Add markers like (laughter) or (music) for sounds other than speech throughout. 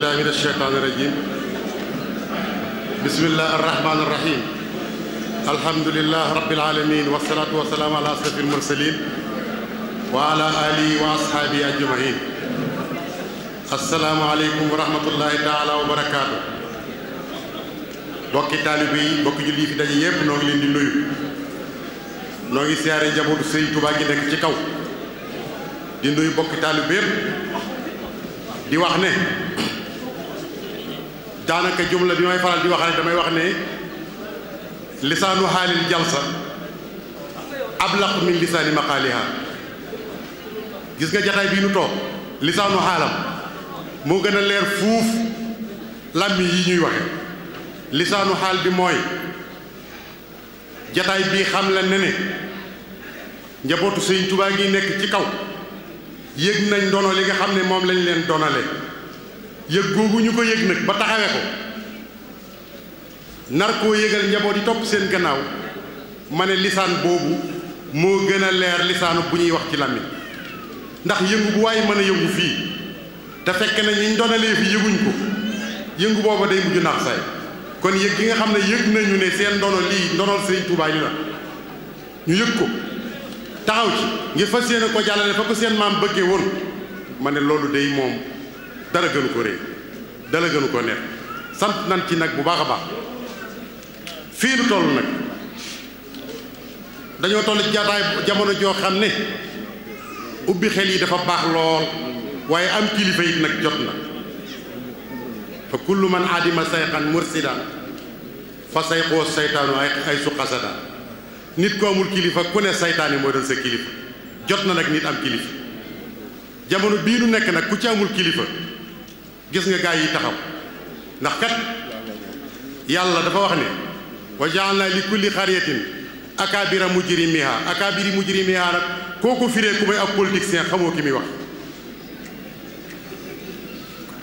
الله من الشيطان الرجيم بسم الله الرحمن الرحيم الحمد لله رب العالمين والصلاة والسلام على أشرف المرسلين وعلى آله وأصحابه أجمعين السلام عليكم ورحمة الله تعالى وبركاته bokki taalibe yi bokki في fi daje نوغي لين دي نويو نوغي سياري noo ngi siyaare njabootu Sëriñ Tuubaa gi دي نويو kaw di دي واخني daanaka jumla bi may faral di wax rek damay wax ne lisanu halil jalsa ablaq min lisan maqaliha gis nga jataay bi nu tok lisanu halam mo gëna leer fouf lami yi ñuy waxe lisanu hal bi moy jataay bi xam la ne ne njabotu seigne touba gi nek ci kaw yegg nañ ndono li nga xam ne moom lañ leen donale yëg googu ñu ko yëg nag ba taxawee ko nar koo yëgal njaboot yi topp seen gannaaw ma ne lisaan boobu moo gën a leer lisaanu bu ñuy wax ci làmmiñ ndax yëngu bu waaye mën a yëngu fii te fekk na ñu donalee fi yëguñ ko yëngu booba day mujj kon yëg gi nga xam ne yëg nañu ne seen ndono lii ndonol Sëriñ Tuubaa li la ñu yëg ko taxaw ci ngir fas yéene ko jàllale fa ko seen maam bëgge woon ma ne loolu day moom dara gënu ko réy dara gënu ko neex sant nañ ci nag bu baax a baax fii nu toll nag dañoo toll ci jamono joo xam ne ubbi xel yi dafa baax lool waaye am kilifa it nag jot na fa kullu man adima sayxan mursidan fa sayxoo saytaanu ay ay su xasada nit ko amul kilifa ku ne saytaan yi mooy sa kilifa jot na nag nit am kilifa jamono bii nu nekk nag ku ci amul kilifa gis nga gaay yi taxaw ndax kat yàlla dafa wax ni wa li kulli xariyatin akabira mujrimiha akabiri mujrimiha nak koku firé ku may ak politiciens xamoo ki mi wax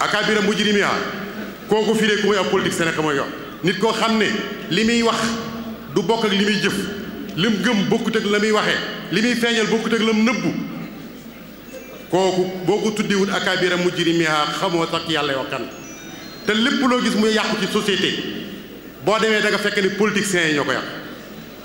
akabira mujrimiha koku firé ku may ak politiciens nag xamoo ki nit ko xamné limi wax du bok ak limi jëf lim gëm bokut ak lamuy waxé limi fëñal bokut ak lam neub kooku boo ko tuddewul akaabira mujrimiha xamo tak yalla yo kan te lepp lo gis muy yak ci société bo demee da nga fekk ni politiciens ñoko ñoo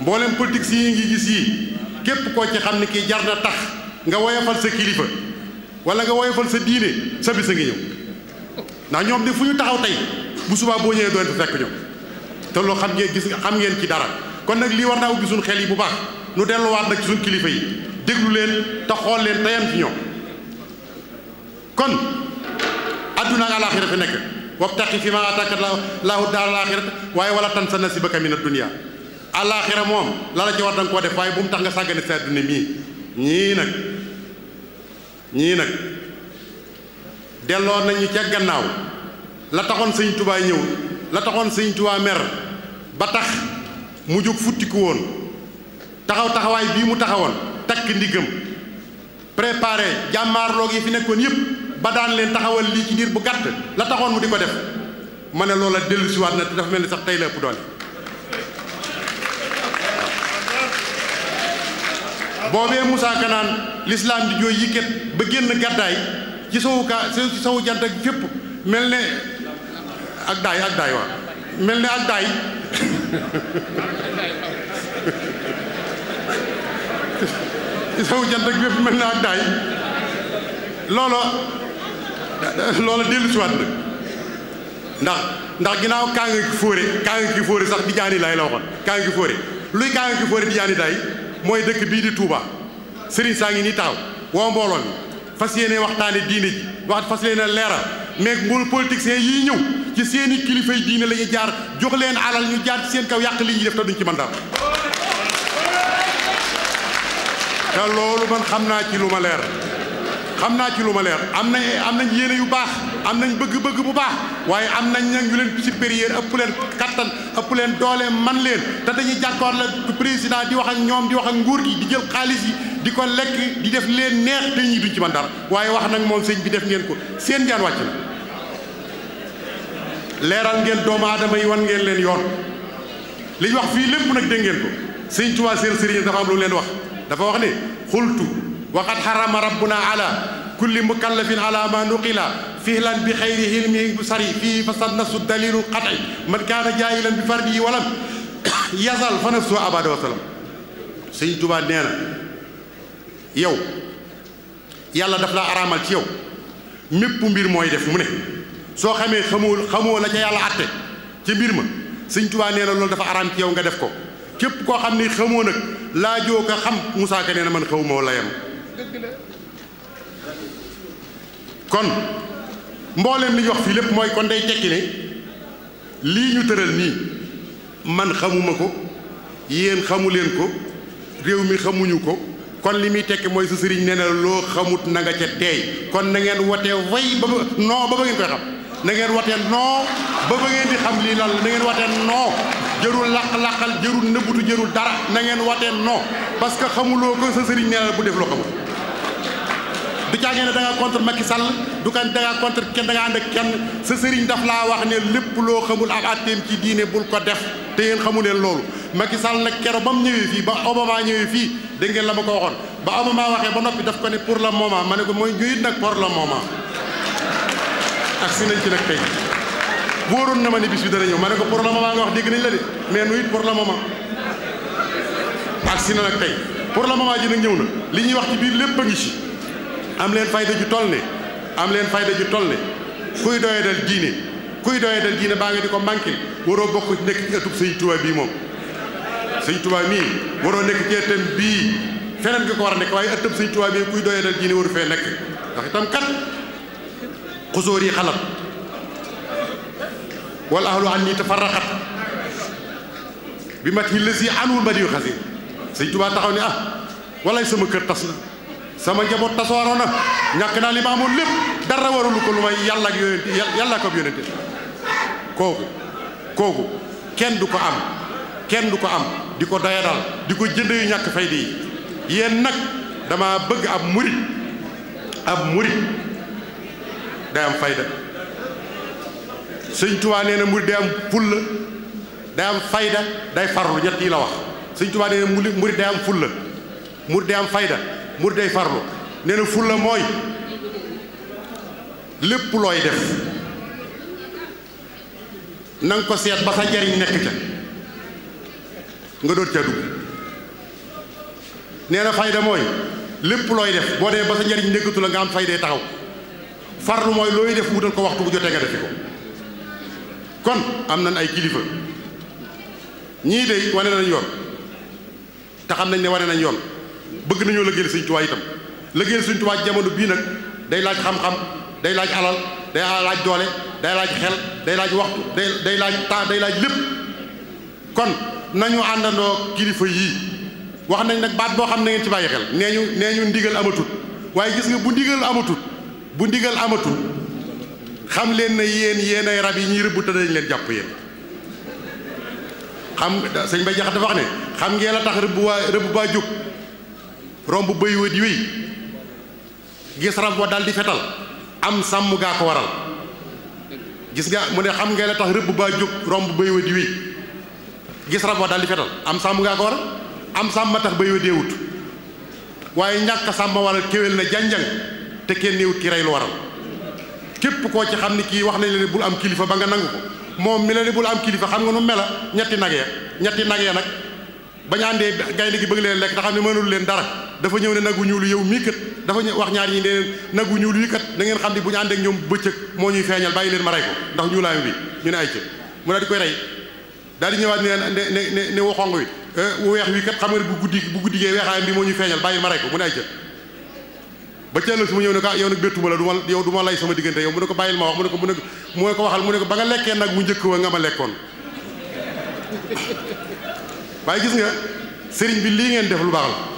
mbolem politiciens yi ngi gis yi kep ko ci xamni ki jarna tax nga woyofal sa kilifa wala nga woyofal sa diine sa bis nga ñew na ñom ñoom de fu taxaw tay bu suba bo ñëwee doon fekk ñoom te lo xam ngeen gis nga xam ngeen ci dara kon nak li war na ubbi suñu xel yi bu baax nu delluwaat nag ci sun kilifa yi deglu len ta xol len tayam yem ci ñoom kon aduna ak alaaxira fi nekk wabtaqi fi ma ataaka laahu daar alaaxirata way wala tan sa nasibaka min addunia alaaxira mom, la la ci war dang ko def way bu mu tax nga sàggane sa dunni mi ñi nak ñi nak delo nañu ci gannaaw la taxoon seigne touba ñew la taxoon seigne touba mer ba tax mu futti ku won taxaw taxaway bi mu tak ndigam préparer jamar gi fi yépp ba daan leen taxawal lii ci diir bu gàtt la taxoon mu di ko def ma ne loola dellu si waat dafa mel ni sax tey la ëpp doole boobee Moussa Kanaan lislaam di jooy yikkat ba génn gàddaay ci sowu ka ci sowu mel ne ak daay ak daay waa mel ne ak daay (laughs) ci sowu jant ak fépp mel ne ak daay loolo (laughs) loola dellu si waat nag ndax ndax ginnaaw kaa nga ki fóore kaa nga ki fóore sax di jaani lay la waxoon kaa nga ki fóore luy kaa nga ki fóore di jaani day mooy dëkk bii di tuuba sëriñ saa ngi nii taxaw woo mbooloo mi fas yéene waxtaane diine ji wax fas yéene leeral mais mboolu politiciens yii ñëw ci seen i kilifay diine la ñu jaar jox leen alal ñu jaar ci seen kaw yàq li ñuy def te duñ ci mën dara te loolu man xam naa ci lu ma leer xam naa ci lu ma leer am nañ am nañ yéene yu baax am nañ bëgg-bëgg bu baax waaye am nañ nag ñu leen supérieur ëpp leen kattan ëpp leen doole man leen te dañuy jàkkoor la président di wax ak ñoom di wax ak nguur gi di jël xaalis yi di ko lekk di def leen neex te ñi duñ ci man dara waaye wax nag moom sëñ bi def ngeen ko seen jaan wàcc na leeral ngeen doomu aadama yi wan ngeen leen yoon li ñu wax fii lépp nag dégg ko sëñ Tuubaa seen sëriñ dafa am lu leen wax dafa wax ne xultu وقد حرم ربنا على كل مكلف على ما نقل فهلا بخير هلمه بصري في فصل نص الدليل القطعي من كان جاهلا بفرده ولم يزل فنفسه أبدا وسلم سيد جبال نينا يو يلا دفلا أرامل يو ميبو مبير مو يدف منه سو خمي خمو خمو لجا يلا عطي تي بير ما سيد جبال نينا لول دفا أرامل تيو نغا دفكو كو خمني خمو نك لا جوك خم موسى كنين من خمو مولا يمو dëgg la kon mbooleem li ñu fii lépp mooy kon day tekki lii ñu tëral nii man xamuma ko yéen xamu leen ko réew mi xamuñu ko kon li muy tekki mooy su sëriñ nee na loo xamut na ca teey kon na ngeen wote way ba ba non ba ba ngeen koy xam na ngeen wote non ba ba ngeen di xam lii lan la na ngeen wote jërul laq-laqal jërul nëbbutu jërul dara na ngeen wote non parce que xamuloo ko sa sëriñ nee bu def loo xamut du caagee ne da nga contre Macky Sall du kan da nga contre kenn da ànd kenn sa sëriñ daf laa wax ne lépp loo xamul ab atteem ci diine bul ko def te yéen xamu leen loolu Macky Sall na kero ba mu ñëwee fii ba Obama ñëwee fii dégg ngeen la ma ko waxoon ba Obama waxee ba noppi daf ko ne pour la moment ma ne ko mooy ñuyit nag pour le moment ak si nañ ci nag tey na ma ne bis bi dana ma ne ko pour le moment nga wax dégg nañ la de mais nu it pour le moment ak si na nag tey pour ñëw na li ñuy wax ci biir lépp a ngi ci am leen fayda ju tol ne am leen fayda ju tol ne kuy doyadal diine kuy doyadal diine baa nga di ko manqué waroo bokk nekk ci ëttub sëñ Tuubaa bii moom sëñ Tuubaa mii waroo nekk ci ëttam bii feneen nga ko war a nekk waaye ëttub sëñ Tuubaa bii kuy doyadal diine waru fee nekk ndax itam kat xusóor yi xalat wal ahlu an nii tafarraqat bi mat yi lës yi anul ma diyu xasi sëñ Tuubaa taxaw ne ah walay sama kër tas na sama njaboot tasaaroo na ñàkk naa li ma amoon lépp dara warulu ko lu may yàlla ak yonente yàlla ko yonente kooku kooku kenn du ko am kenn du ko am di ko doya di ko jënd yu ñàkk fay di yi yéen nag dama bëgg ab murit ab murit day am fayda sëñ Tuubaa nee na murit day am fayda day farlu ñett yi la wax sëñ Tuubaa nee na murit day am fulla murit day am fayda mu day farlu nee na fulla mooy lépp looy def nan nga ko seet ba sa njariñ nekk ca nga doon ca dugg nee na fayda mooy lépp looy def boo dee ba sa njariñ nekkatu la nga am fayda taxaw farlu mooy looy def wutal ko waxtu bu jotee nga defi ko kon am nañ ay kilifa ñii de wane nañ yoon te xam nañ ne wane nañ yoon bëgg nañoo liggéeyal Sëñ Tuubaa tam liggéeyal Sëñ Tuubaa jamono bii nag day laaj xam-xam day laaj alal day laaj doole day laaj xel day laaj waxtu day day laaj temps day laaj lépp kon nañu àndandoo kilifa yii wax nañ nag baat boo xam na ngeen ci bàyyi xel nee ñu nee ñu ndigal amatut waaye gis nga bu ndigal amatut bu ndigal amatut xam leen ne yéen yéen ay rab yi ñuy rëbb te dañ leen jàpp yéen xam sëñ Bay Jaxate wax ne xam ngeen la tax rëbb baa jóg Rombu bëy wët yi gis rab dal di fetal am sàmm ga ko waral gis nga mune xam nga la tax rëbb ba juk rombu bëy wët yi gis rab dal di fetal am sàmm ga ko waral am ma tax bëy wët wut waaye ñàkk sàmm waral kewel na janjang te kenn néewut ki ray lu waral kep ko ci xam ni wax nañ leen bul am kilifa ba nga nangu ko mom mi leen bul am kilifa xam nga nu mel ñetti nagge ya, ñetti nagge nak ya nag bañ àndee gaynde gi bëgg leen lek te xam mënul leen dara dafa ñew ne nagu lu yow mi kat dafa wax ñaar ñi ne leen nagu ñu lu kat da ngeen xam ne bu ñu ànd ak ñom bëccëg mo ñuy feñal bayi leen ma ray ko ndax laay bi ñu ne ay ci mu dal di koy ray dal di ñëwaat ne ne ne ne waxong wi eh, wex wi kat xamal bu guddi bu guddi bu wexay weexaayam bi moo ñuy feñal bayi ma ray ko mu ne ay ci ba ci lu ma ñew ne ka ah, yow bettu ma la du ma yow du ma lay sama diggante yow mu ne ko bayil ma wax mu ne ko mu ne mu ne ko waxal mu ne ko ba nga lekke nak mu jëk wa nga ma lekkon (laughs) waaye gis nga serigne bi li ngeen def lu baax la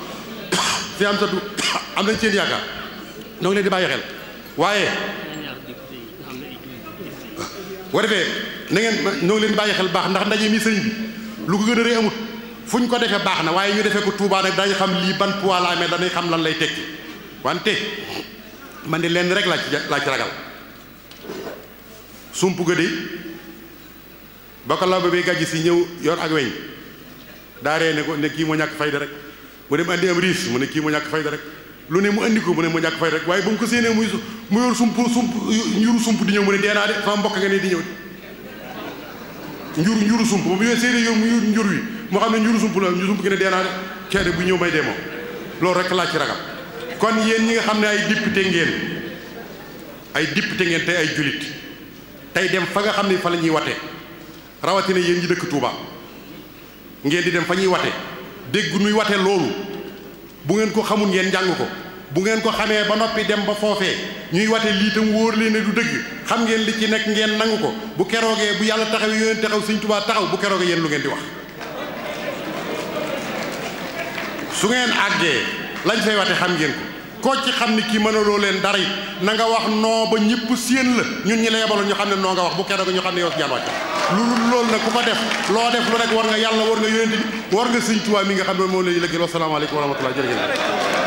si am satu (coughs) am nañ seen yaakaar ñoo leen di bàyyi xel waaye boo defee na ngeen leen di bàyyi xel baax ndax ndaje mi sëriñ lu ko gën a rëy amut fu ñu ko defee baax na waaye ñu defee ko Touba nag dañu xam lii ban poids la amee danañ xam lan lay tekki wante man di lenn rek laa ci laa ci ragal sump ga de ba ko law ba gàjj si ñëw yor ak weñ daaree ne ko ne kii moo ñàkk fayda rek mu dem andi am riis mu ne kii mu ñàkk fayda rek lu ne mu andi ko mu ne mu ñàkk fayda rek waaye ba mu ko séenee muy mu yor sump sump njuru sump di ñëw mu ne dee naa de sama mbokk nga ne di ñëw njur njuru sump ba mu ñëwee séenee yor mu yor njur wi moo xam ne njuru sump la njuru sump gi ne dee naa de ceede bu ñëw may dee loolu rek laa ci ragam kon yéen ñi nga xam ne ay député ngeen ay député ngeen tey ay julit tey dem fa nga xam ne fa la ñuy watee rawatina yéen ñi dëkk Touba ngeen di dem fa ñuy watee dégg nuy wate loolu bu ngeen ko xamul ngeen jàng ko bu ngeen ko xamee ba noppi dem ba foofee ñuy wate lii tam wóor leen du dëgg xam ngeen li ci nekk ngeen nangu ko bu keroogee bu yàlla taxaw yi ngeen taxaw Sëñ Tuubaa taxaw bu keroogee yéen lu ngeen di wax su ngeen àggee lañ fay wate xam ngeen ko koo ci xam ni kii mënaloo leen dara it na wax noo ba ñëpp séen la ñun ñi la yebaloon ñu xam ne noo nga wax bu keroogee ñu xam ne yow si jaan wàcc lu loolu na ku ko def loo def lu rek war nga yàlla war nga yónent bi war nga sëñ Tuubaa mi nga xam ne moom la ñu lëkkal wasalaamaaleykum wa rahmatulah jërëjëf